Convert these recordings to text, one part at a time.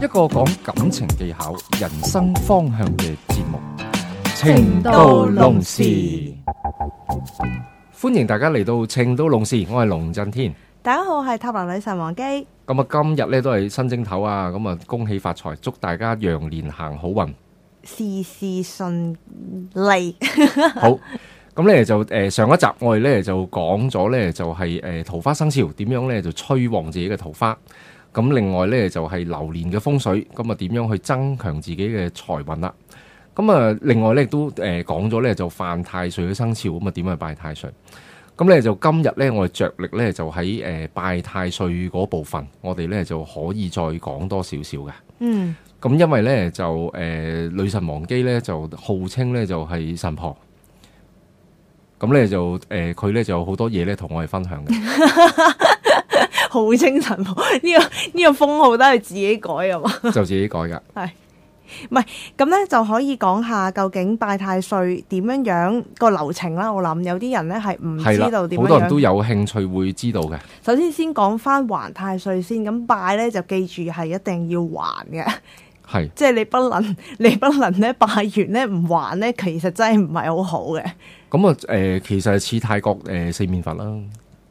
一個講感情技巧、人生方向嘅節目《情到濃時》，歡迎大家嚟到《情到濃時》，我係龍震天。大家好，我係塔羅女神王姬。咁啊，今日咧都係新正頭啊！咁啊，恭喜發財，祝大家羊年行好運，事事順利。好，咁咧就誒，上一集我哋咧就講咗咧，就係誒，桃花生肖點樣咧就催旺自己嘅桃花。咁另外呢，就係流年嘅風水，咁啊點樣去增強自己嘅財運啦？咁啊另外呢都誒講咗呢，就犯太歲嘅生肖，咁啊點去拜太歲？咁呢，就今日呢，我哋着力呢，就喺誒拜太歲嗰部分，我哋呢就可以再講多少少嘅。嗯。咁因為呢，就誒女神亡機呢，就號稱呢，就係神婆，咁呢，就誒佢呢，就好多嘢呢，同我哋分享嘅。 好精神，呢、 呢個呢個封號都係自己改啊嘛，就自己改噶係，唔係咁咧就可以講下究竟拜太歲點樣樣個流程啦。我諗有啲人呢係唔知道點樣樣，好多人都有興趣會知道嘅。首先先講翻還太歲先，咁拜呢就記住係一定要還嘅，係即係你不能你不能呢拜完呢唔還呢，其實真係唔係好好嘅。咁啊誒，其實似泰國誒、呃、四面佛啦。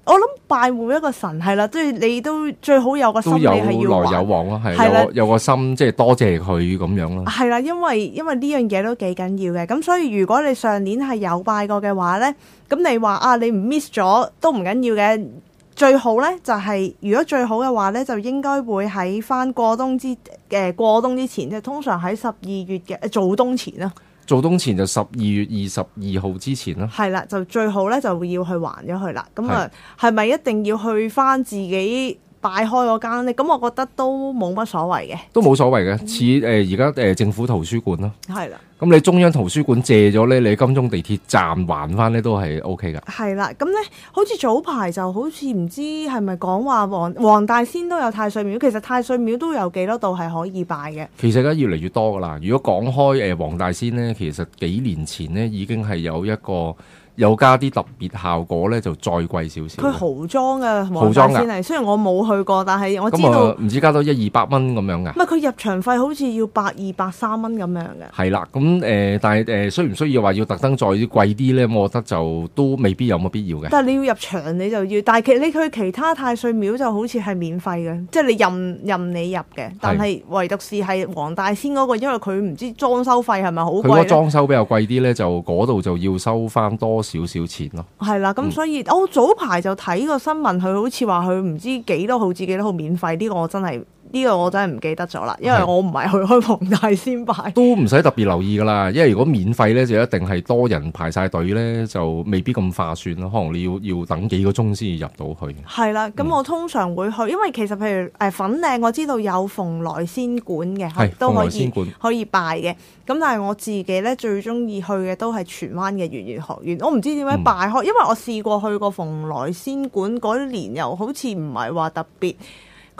我諗拜每一個神係啦，即係你都最好有個心，有來有往咯，係有的有個心即係、就是、多謝佢咁樣咯。係啦，因為因為呢樣嘢都幾緊要嘅。咁所以如果你上年係有拜過嘅話咧，咁你話啊，你唔 miss 咗都唔緊要嘅，最好咧就係、是、如果最好嘅話咧，就應該會喺翻過冬之誒，過冬之前，即係通常喺十二月嘅早冬前啦。做冬前就十二月二十二號之前啦，係啦，就最好咧就要去還咗佢啦。咁啊，係咪的一定要去返自己？拜開嗰間咧，咁我覺得都冇乜所謂嘅，都冇所謂嘅，似誒而家誒政府圖書館啦，係啦的。咁你中央圖書館借咗咧，你金鐘地鐵站還翻咧都係 O K 噶。係啦，咁咧好似早排就好似唔知係咪講話黃黃大仙都有太歲廟，其實太歲廟都有幾多度係可以拜嘅。其實而家越嚟越多噶啦。如果講開誒黃大仙咧，其實幾年前呢已經係有一個。有加啲特別效果咧，就再貴少少。佢豪裝嘅豪裝先嚟，雖然我冇去過，但係我知道唔、嗯呃、知道加多一二百蚊咁樣嘅。唔係佢入場費好似要百二百三蚊咁樣嘅。係啦，咁、嗯、誒、呃，但係誒，需、呃、唔需要話要特登再貴啲咧？我覺得就都未必有乜必要嘅。但係你要入場，你就要。但係其你去其他太歲廟就好似係免費嘅，即、就、係、是、你任任你入嘅。但係唯獨是係黃大仙嗰、那個，因為佢唔知裝修費係咪好貴。裝修比較貴啲咧，就嗰度就要收翻多少少錢咯，係啦，咁所以我早排就睇個新聞，佢、嗯、好似話佢唔知幾多號至幾多號免費，呢、呢個我真係。呢個我真係唔記得咗啦，因為我唔係去開蓬瀛仙拜，是都唔使特別留意噶啦。因為如果免費咧，就一定係多人排晒隊咧，就未必咁化算咯。可能你要要等幾個鐘先入到去。係啦，咁、嗯、我通常會去，因為其實譬如誒、呃、粉嶺，我知道有蓬瀛仙館嘅，是都可以可以拜嘅。咁但係我自己咧最中意去嘅都係荃灣嘅圓玄學院。我唔知點解拜開，嗯、因為我試過去過蓬瀛仙館嗰年，又好似唔係話特別。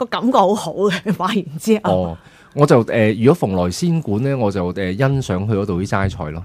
個感覺好好嘅，買完之後。哦，我就誒、呃，如果蓬萊仙館咧，我就誒欣賞佢嗰度啲齋菜咯。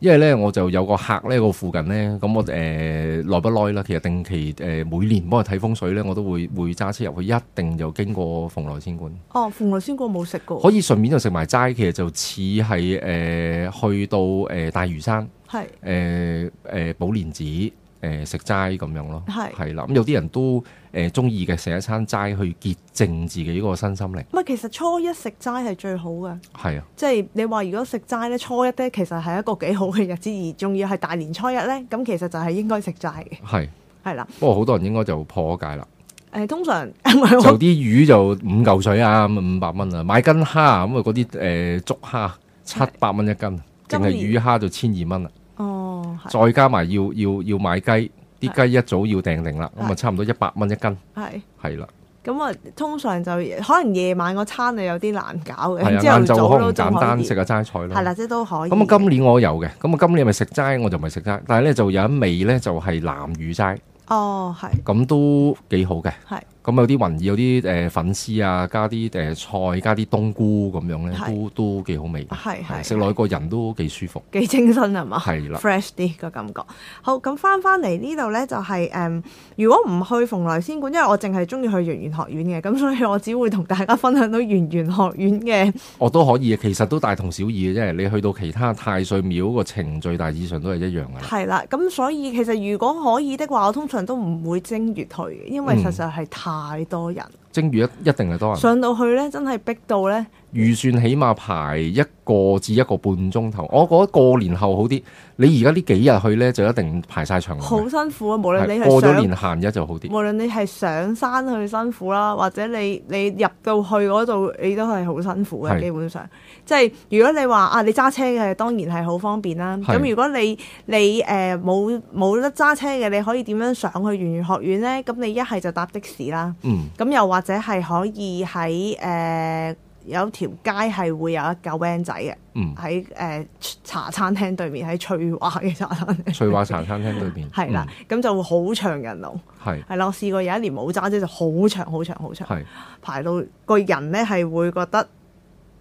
因為咧，我就有個客咧，個附近咧，咁、嗯嗯、我誒、呃、耐不耐啦。其實定期誒、呃、每年，幫佢睇風水咧，我都會會揸車入去，一定就經過蓬萊仙館。哦，蓬萊仙館冇食過，可以順便就食埋齋。其實就似係誒去到誒大嶼山，係誒誒寶蓮寺。呃呃呃呃誒食齋咁樣咯，係係啦，咁有啲人都誒中意嘅食一餐齋去潔淨自己嘅個身心靈。唔係，其實初一食齋係最好嘅，係啊，即係你話如果食齋咧，初一咧，其實係一個幾好嘅日子，而仲要係大年初一咧，咁其實就係應該食齋嘅，係係啦。不過好多人應該就破咗戒啦。誒，通常就啲魚就五嚿水啊，五百蚊啊，買斤蝦啊，咁啊嗰啲誒竹蝦七百蚊一斤，淨係魚蝦就千二蚊啦。哦。再加埋要要要買雞，啲雞一早要訂定啦，咁啊差唔多一百蚊一斤，係係啦。咁啊通常就可能夜晚個餐啊有啲難搞嘅，之後可以簡單食下齋菜咯，係啦即係都可以。咁啊今年我有嘅，咁啊今年咪食齋，我就咪食齋，但係咧就有一味咧就係南乳齋，哦係，咁都幾好嘅，係。咁、嗯、有啲雲耳、有啲誒、呃、粉絲啊，加啲誒、呃、菜，加啲冬菇咁樣咧是，都都幾好味。係係，食落去個人都幾舒服，幾清新係嘛？係啦的，fresh 啲嘅感覺。好，咁翻翻嚟呢度咧，就係、是、誒、嗯，如果唔去蓬萊仙館，因為我淨係中意去圓圓學院嘅，咁所以我只會同大家分享到圓玄學院嘅。我都可以其實都大同小異嘅啫。你去到其他太歲廟個程序大致上都係一樣嘅。係啦，咁所以其實如果可以的話，我通常都唔會正月去嘅，因為實在係太。太多人。蒸乳一一定係多人。上到去咧，真係逼到咧。預算起碼排一個至一個半鐘頭。我覺得過年後好啲。你而家呢幾日去咧，就一定排晒長龍。好辛苦啊！無論你係過咗年閒日就好啲。無論你係上山去辛苦啦、啊，或者你你入到去嗰度，你都係好辛苦嘅。是基本上，即係如果你話啊，你揸車嘅當然係好方便啦、啊。咁是如果你你誒冇冇得揸車嘅，你可以點樣上去圓玄學院咧？咁你一係就搭的士啦。嗯。咁又話。或者係可以喺誒、呃、有條街係會有一嚿 van 仔嘅，喺誒、嗯呃、茶餐廳對面，喺翠華嘅茶餐廳， 翠華茶餐廳對面，係啦，咁、嗯、就會好長人龍，係係是啦。我試過有一年冇揸車，就好長好長好長，是排到個人咧係會覺得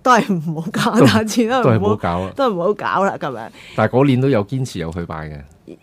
都係唔好搞啦，都係唔好搞啦，都係唔好搞啦咁樣。但係嗰年都有堅持有去拜嘅。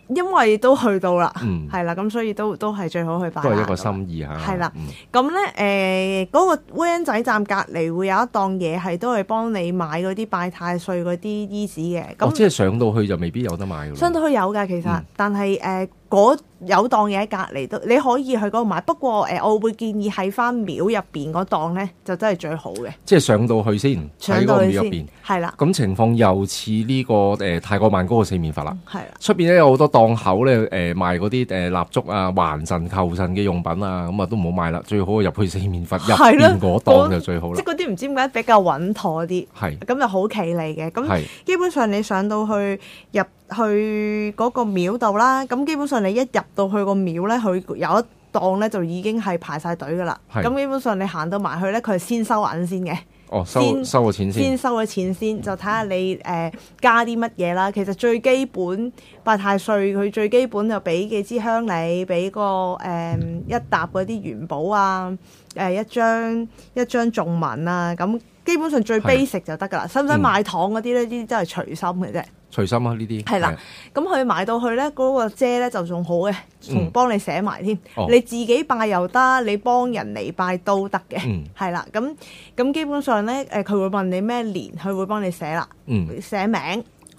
因為都去到啦，係啦、嗯，咁所以都都係最好去拜都係一個心意嚇。係啦，咁咧誒，嗰個灣仔站隔離會有一檔嘢係都係幫你買嗰啲拜太歲嗰啲衣紙嘅。哦，那即係上到去就未必有得買㗎。上到去有㗎，其實，嗯、但係誒嗰。呃有檔嘢喺隔離都，你可以去嗰度買。不過誒，我會建議喺返廟入邊嗰檔咧，就真係最好嘅。即係上到去先，上到廟入邊係啦。咁情況又似呢個誒泰國曼谷嘅四面佛啦，係啦。出邊咧有好多檔口咧誒賣嗰啲誒蠟燭啊、還神求神嘅用品啊，咁啊都唔好買啦。最好入去四面佛入邊嗰檔就最好啦。即係嗰啲唔知點解比較穩妥啲，係咁又好企理嘅。咁基本上你上到去入去嗰個廟度啦，咁基本上你一入。到去個廟咧，佢有一檔咧就已經係排晒隊㗎喇。咁的基本上你行到埋去咧，佢係先收銀先嘅。哦，收先收個錢先，先收個錢先，就睇下你誒、呃、加啲乜嘢啦。其實最基本拜太歲佢最基本就俾幾支香你，俾個誒、呃、一沓嗰啲元寶啊，誒、呃、一張一張銅文啊咁。基本上最 basic、啊、就得噶啦，使唔使買糖嗰啲咧？呢啲真係隨心嘅啫，隨心啊呢啲。係啦，咁佢、啊啊、買到去咧，嗰、那個遮咧就仲好嘅，仲、嗯、幫你寫埋添。哦、你自己拜又得，你幫人嚟拜都得嘅。係啦、嗯，咁咁、啊、基本上咧，誒佢會問你咩年，佢會幫你寫啦，嗯，寫名。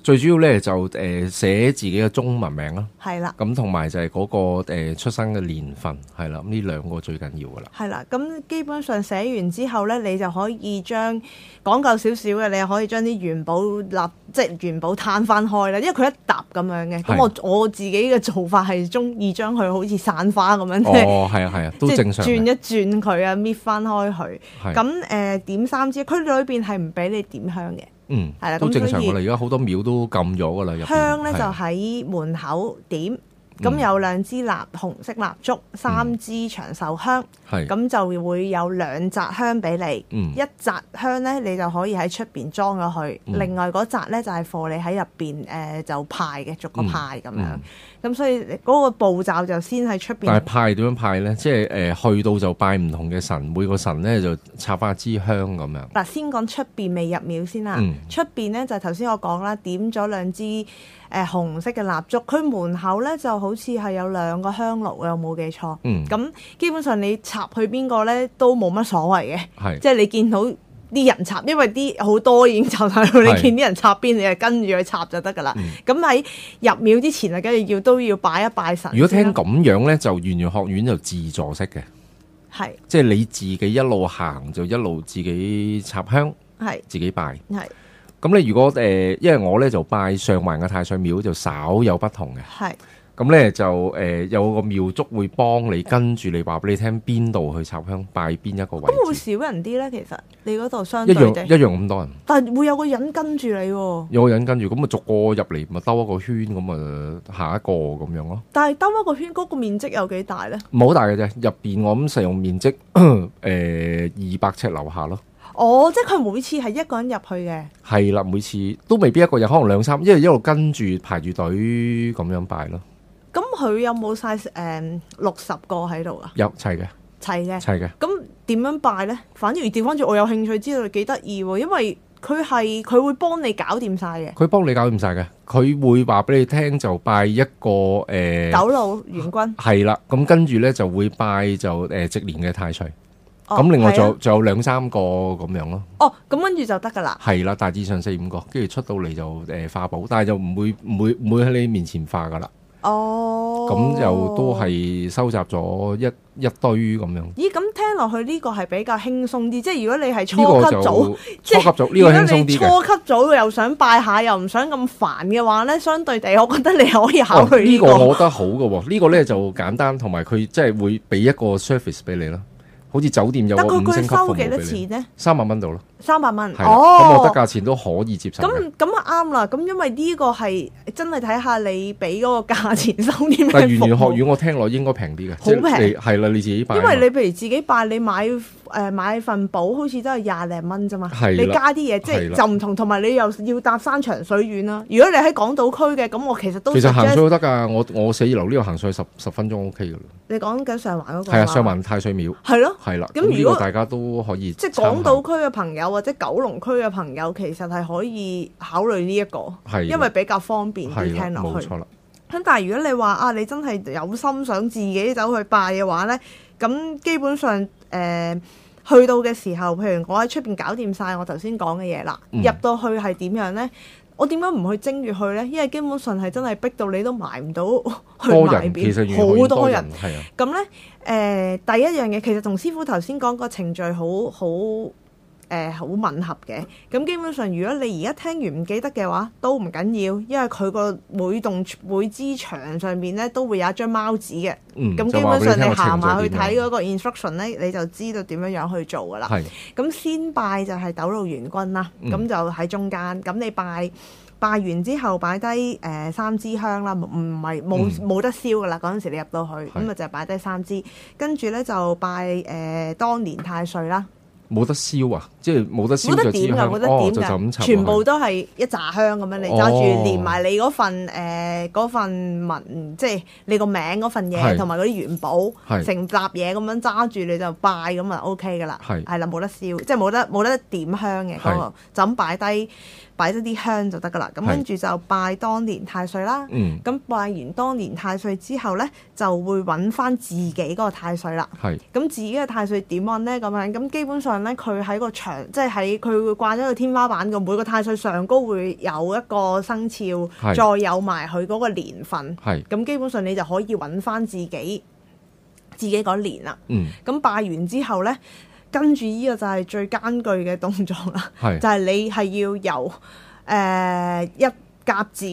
最主要咧就誒、呃、寫自己嘅中文名啦，係啦的，咁同埋就係嗰、那個、呃、出生嘅年份係啦，呢兩個最緊要噶啦。係啦，咁基本上寫完之後咧，你就可以將講究少少嘅，你可以將啲圓寶元寶立即元寶攤翻開啦，因為佢一疊咁樣嘅。咁的我我自己嘅做法係中意將佢好似散花咁樣。哦，係啊，係啊，都正常。轉一轉佢啊，搣翻開佢。咁誒的、呃、點三支，佢裏邊係唔俾你點香嘅。嗯，係啦的，都正常㗎喇，而家好多廟都禁咗㗎喇，入香咧呢的就喺門口點。咁、嗯、有兩支蠟紅色蠟燭，三支長壽香，咁、嗯、就會有兩紮香俾你，嗯、一扎香咧你就可以喺出邊裝咗去，嗯、另外嗰紮咧就係、是、放你喺入邊，誒、呃、就派嘅，逐個派咁樣。咁、嗯嗯、所以嗰個步驟就先喺出邊。但係派點樣派咧？即係誒去到就拜唔同嘅神，每個神咧就插翻支香咁樣。嗱、嗯，先講出邊未入廟先啦。出邊咧就頭先我講啦，點咗兩支。誒紅色嘅蠟燭，佢門口咧就好似係有兩個香爐嘅，我冇記錯。嗯，咁基本上你插去邊個咧都冇乜所謂嘅，係即係你見到啲人插，因為啲好多已經插晒。你見啲人插邊，你就跟住去插就得噶啦。咁喺入廟之前啊，梗係要都要拜一拜神。如果聽咁樣咧，就圓玄學院就自助式嘅，係即係你自己一路行就一路自己插香，係自己拜，係。咁你如果誒、呃，因為我咧就拜上環嘅太歲廟就稍有不同嘅。係是。咁咧、嗯、就誒、呃、有個廟祝會幫你是跟住你話俾你聽邊度去插香拜邊一個位。咁會，會少人啲咧，其實你嗰度相對一樣一樣咁多人。但係會有、啊、有個人跟住你，有個人跟住，咁咪逐個入嚟咪兜一個圈，咁咪下一個咁樣咯。但係兜一個圈，嗰、那個面積有幾大咧？冇好大嘅啫，入邊我諗使用面積誒二百尺樓下咯。哦，即係佢每次係一個人入去嘅。係啦，每次都未必一個人，可能兩三，因為一路跟住排住隊咁樣拜咯。咁佢有冇晒誒六十個喺度啊？有，齊嘅，齊嘅，齊嘅。咁點樣拜呢？反而調翻轉，我有興趣知道幾得意，因為佢係佢會幫你搞掂晒嘅。佢幫你搞掂晒嘅，佢會話俾你聽就拜一個誒。斗姥元君係啦，咁跟住呢就會拜就誒值年嘅太歲。咁、哦、另外仲就有兩、啊、三個咁樣咯、啊。哦，咁跟住就得噶啦。係啦，大致上四五個，跟住出到嚟就誒化寶，但係就唔會唔會唔會喺你面前化噶啦。哦。咁又都係收集咗一一堆咁樣。咦，咁聽落去呢個係比較輕鬆啲，即係如果你係初級組，即是級組呢是個初級組又想拜下，又唔想咁煩嘅話咧，相對地，我覺得你可以考慮、哦。呢、這個我覺得好嘅，呢、這個咧就簡單，同埋佢即係會俾一個 service 俾你咯。好似酒店有個五星級服務俾你，三萬蚊度咯。三百蚊哦，咁我覺得價錢都可以接受。咁咁啱啦，咁因為呢個係真係睇下你俾嗰個價錢收啲咩服務。但係圓玄學院我聽落應該平啲嘅，好平係啦，你自己因為你譬如自己拜，你買誒買份寶好似都係廿零蚊啫嘛。你加啲嘢即係就唔同，同埋你又要搭山長水遠啦。如果你喺港島區嘅，咁我其實都其實行水都得㗎。我我四樓呢個行水十十分鐘 OK 嘅。你講緊上環嗰個係啊，上環太歲廟係咯，係啦。咁如果大家都可以即係港島區嘅朋友。或者九龍區嘅朋友，其實係可以考慮呢、這、一個，的因為比較方便啲聽落去。咁但係如果你話啊，你真係有心想自己走去拜嘅話呢，咁基本上誒、呃、去到嘅時候，譬如我喺出邊搞掂晒我頭先講嘅嘢啦，入、嗯、到去係點樣呢？我點解唔去正月去呢？因為基本上係真係逼到你都埋唔到去埋廟，好多人。係啊人，咁咧誒第一樣嘢，其實同師傅頭先講個程序好好。誒好、呃、吻合嘅，咁基本上如果你而家聽完唔記得嘅話，都唔緊要，因為佢個每棟每支牆上面咧都會有一張貓紙嘅。咁、嗯、基本上你行埋走去睇嗰個 instruction 咧，嗯、你就知道點樣樣去做噶啦。咁是先拜就係斗姥元君啦，咁、嗯、就喺中間。咁你拜拜完之後擺低誒三支香啦，唔唔係冇冇得燒噶啦。嗰陣時你入到去，咁啊就擺低三支，是跟住咧就拜誒、呃呃、當年太歲啦。冇得燒啊！即係冇得燒就點㗎，冇得點㗎，哦、得點全部都係一扎香咁樣、哦、你揸住，連埋你嗰份誒、呃、份文，即係你個名嗰份嘢，同埋嗰啲元寶成是集嘢咁樣揸住你就拜咁啊 OK 噶啦，係啦冇得燒，即係冇得冇得點香嘅嗰是、嗰個、就咁擺低。擺咗啲香就得噶啦，咁跟住就拜當年太歲啦。咁、嗯、拜完當年太歲之後呢，就會揾翻自己嗰個太歲啦。咁是自己嘅太歲點揾呢？咁樣，咁基本上呢，佢喺個牆，即係喺佢會掛咗個天花板嘅每個太歲上高會有一個生肖，是再有埋佢嗰個年份。咁是基本上你就可以揾翻自己自己嗰年啦。咁、嗯、拜完之後呢。跟住呢個就係最艱巨嘅動作啦，是就係你係要由誒、呃、一甲子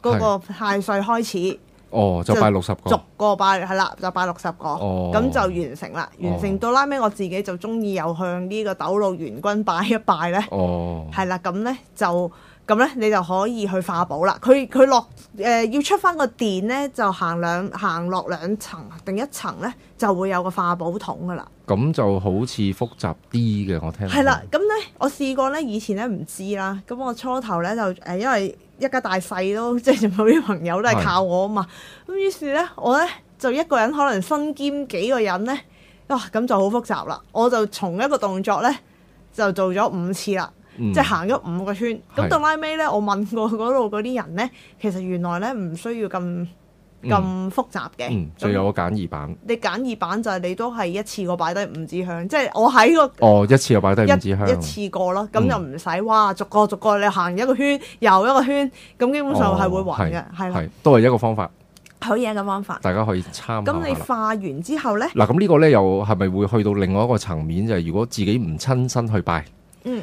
嗰個太歲開始，哦，就拜六十個，逐個拜，係啦，就拜六十個，咁、哦、就完成啦。完成、哦、到拉尾，我自己就鍾意又向呢個斗姥元君拜一拜咧，係啦，咁呢就。咁咧，你就可以去化寶啦。佢佢落誒、呃、要出翻個電咧，就行兩行落兩層定一層咧，就會有個化寶桶噶啦。咁就好似複雜啲嘅，我聽。係啦，咁咧我試過咧，以前咧唔知啦。咁我初頭咧就誒，因為一家大細都即係仲有啲朋友都係靠我啊嘛。咁的於是咧，我咧就一個人可能身兼幾個人咧，哇、啊！咁就好複雜啦。我就從一個動作咧就做咗五次啦。即係行咗五個圈，咁到拉尾呢，我問過嗰度嗰啲人呢，其實原來呢唔需要咁咁複雜嘅，所以有個簡易版。你簡易版就係你都係一次過擺低五支香，即係我喺個哦一次過擺低五支香，一次過咯，咁就唔使哇，逐個逐個你行一個圈又一個圈，咁基本上係會暈嘅，係都係一個方法好嘢嘅方法，大家可以參考。咁你化完之後呢，嗱，咁呢個呢，又係咪會去到另外一個層面？就係如果自己唔親身去拜，嗯。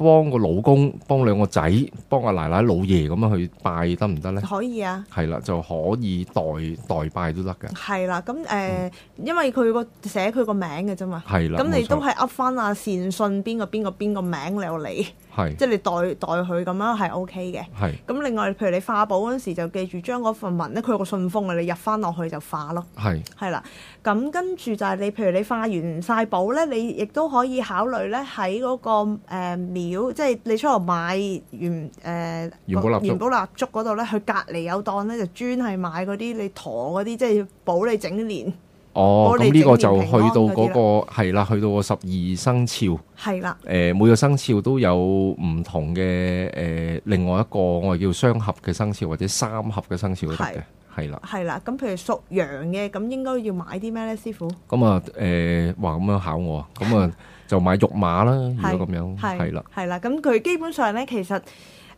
幫個老公、幫兩個仔、幫阿奶奶、老爺咁樣去拜得唔得咧？行行呢，可以啊，係啦，就可以代代拜都得嘅。係啦，咁誒，呃嗯、因為佢的個寫佢個名嘅啫嘛，係啦，咁你都係噏翻阿善信邊個邊個邊個名你又嚟，係即係你代代佢咁樣係 OK 嘅。係咁的，另外譬如你化寶嗰陣時，就記住將嗰份文咧，佢有個信封嘅，你入翻落去就化咯。係係啦，咁跟住就係你譬如你化完晒寶咧，你亦都可以考慮咧喺嗰個誒面。呃呃呃呃如果即係你出嚟買原誒元寶、元寶蠟燭嗰度咧，佢隔籬有檔咧，就專係買嗰啲你陀嗰啲，即係要保你整年。哦，咁呢個就去到嗰個係啦，去到個十二生肖。係啦。誒，每個生肖都有唔同嘅誒，另外一個我哋叫雙合嘅生肖或者三合嘅生肖得嘅。係啦。係啦，咁譬如屬羊嘅，咁應該要買啲咩咧，師傅？咁啊，誒，話咁樣考我啊，咁啊。就買玉馬啦，是如果咁樣係是是啦，係是啦。咁佢基本上咧，其實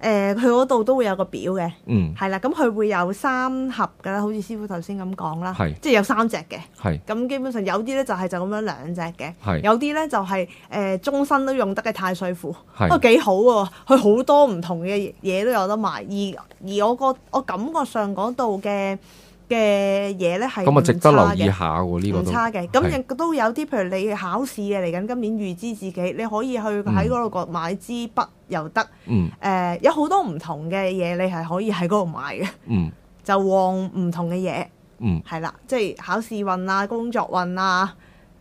誒佢嗰度都會有個表嘅，嗯係啦。咁佢會有三盒噶啦，好似師傅頭先咁講啦，係是即係有三隻嘅，係咁是基本上有啲咧就係就咁樣兩隻嘅，係是有啲咧就係、是、誒、呃、終身都用得嘅太歲符，是不過幾好喎。佢好多唔同嘅嘢都有得賣，而而我個我感覺上嗰度嘅。嘅嘢咧，係咁啊，值得留意下喎。呢個唔差嘅，咁亦的都有啲，譬如你考試嘅嚟緊，今年預知自己，你可以去喺嗰度買支筆又得。嗯。誒、呃，有好多唔同嘅嘢，你係可以喺嗰度買嘅。嗯。就旺唔同嘅嘢。嗯。係啦，即係考試運啊，工作運啊。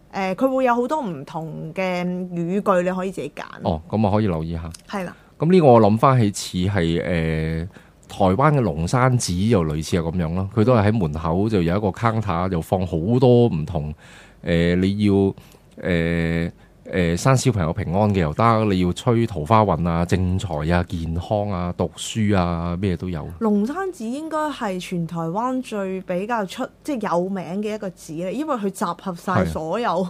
誒、呃，佢會有好多唔同嘅語句，你可以自己揀。哦，咁啊，可以留意下。係啦的。咁呢個我諗翻起似係誒。呃台灣嘅龍山寺又類似係咁樣咯，佢都係喺門口就有一個 counter，就放好多唔同誒、呃，你要誒誒、呃呃、生小朋友平安嘅，又得你要吹桃花運啊、正財啊、健康啊、讀書啊咩都有。龍山寺應該係全台灣最比較出即係有名嘅一個寺嚟，因為佢集合晒所有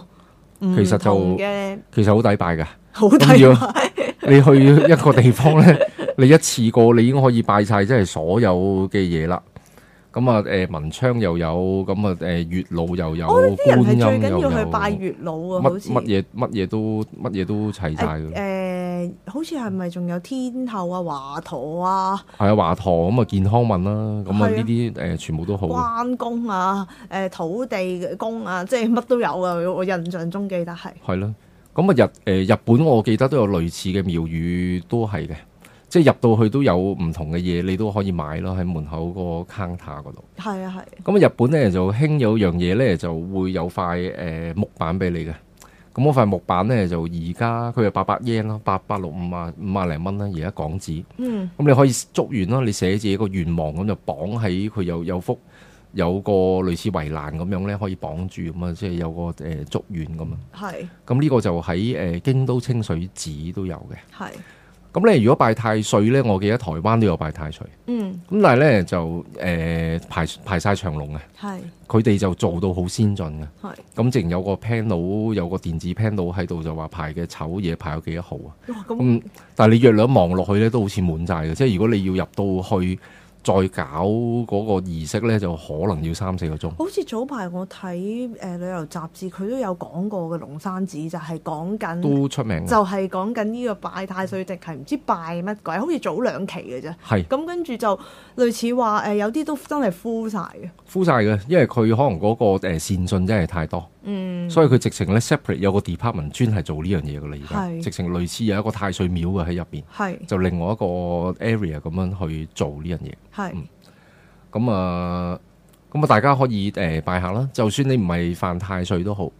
其唔同嘅，其實好抵拜㗎，好抵拜。你去一個地方咧。 你一次過你已經可以拜晒，即係所有嘅嘢啦。咁啊，誒，文昌又有，咁啊，誒，月老又有，哦、觀音又有，最緊要去拜月老啊，乜嘢乜嘢都乜嘢都齊晒。誒，好似係咪仲有天后啊、華佗啊？係、嗯、啊，華佗咁啊，健康問啦，咁啊呢啲誒，全部都好關公啊，誒、欸，土地公啊，即係乜都有噶。我印象中記得係係咯，咁啊日誒、嗯、日本，我記得都有類似嘅廟宇，都係嘅。即係入到去都有唔同嘅嘢，你都可以買咯。喺門口個 counter 嗰度。係啊，係。咁啊，日本咧就興有樣嘢咧，就會有塊誒、呃、木板俾你嘅。咁嗰塊木板咧就而家佢啊八百 yen 八百六五啊五啊零蚊啦，而家港紙。咁、嗯、你可以祝完咯，你寫自己個願望咁就綁喺佢有有幅有個類似圍欄咁樣咧，可以綁住咁啊，即係有個誒祝願咁啊。係、呃。咁呢的個就喺誒、呃、京都清水寺都有嘅。係的。咁咧，如果拜太歲咧，我記得台灣都有拜太歲。嗯。咁但係咧就誒、呃、排排曬長龍嘅。係是。佢哋就做到好先進嘅。係是。咁淨係有個 panel 有個電子 panel 喺度就話排嘅丑嘢排咗幾多號啊？哇！咁、嗯。但係你約兩望落去咧，都好似滿曬嘅。即係如果你要入到去。再搞嗰個儀式呢，就可能要三四個鐘。好似早排我睇誒、呃、旅遊雜誌，佢都有講過嘅龍山寺，就係、是、講緊都出名，就係講緊呢個拜太歲直，直係唔知拜乜鬼，好似早兩期嘅啫。咁是、嗯、跟住就類似話誒、呃，有啲都真係枯晒嘅，枯曬嘅，因為佢可能嗰、那個誒善信真係太多。嗯，所以佢直情咧 separate 有個 department 專係做呢樣嘢噶啦，而家係直情類似有一個太歲廟嘅喺入邊。係就另外一個 area 咁樣去做呢樣嘢。係係、嗯，嗯，咁、嗯、啊，咁、嗯、啊、嗯，大家可以誒、呃、拜下啦，就算你唔係犯太歲都好。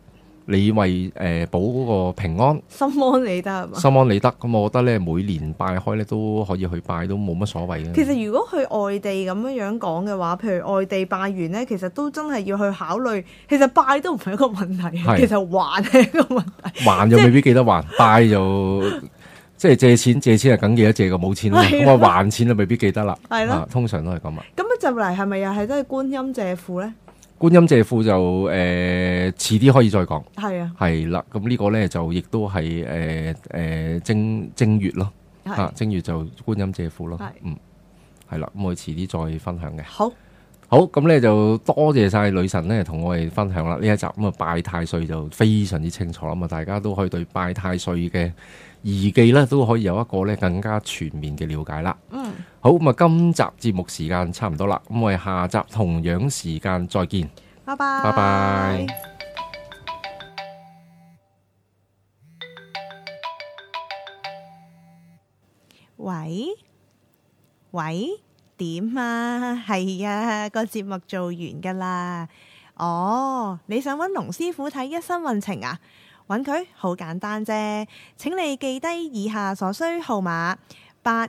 你為誒保嗰個平安，心安理得係嘛？心安理得，咁、嗯、我覺得咧，每年拜開咧都可以去拜，都冇乜所謂嘅。其實如果去外地咁樣樣講嘅話，譬如外地拜完咧，其實都真係要去考慮。其實拜都唔係一個問題，的其實還係一個問題。還又未必記得還，就是、拜就即係借錢，借錢係梗記得借個冇錢咁啊還錢就未必記得啦。係咯，通常都係咁啊。咁一入嚟係咪又係都係觀音借庫咧？觀音借庫，就誒，遲、呃、啲可以再講。係啊，係啦，咁呢個咧就亦都係誒誒正正月咯，吓、啊、正月就觀音借庫咯，嗯，係啦，咁我遲啲再分享嘅。好，好，咁咧就多謝晒女神咧，同我哋分享啦呢一集。咁啊拜太歲就非常之清楚啦，咁大家都可以對拜太歲嘅宜忌咧都可以有一個咧更加全面嘅了解啦。嗯好咁啊，今集節目時間差唔多啦，咁我哋下集同樣時間再見。拜拜拜拜。喂喂，點啊？係啊，個節目做完噶啦。哦，你想揾龍師傅睇一生運程啊？揾佢好簡單啫，請你記低以下所需號碼八。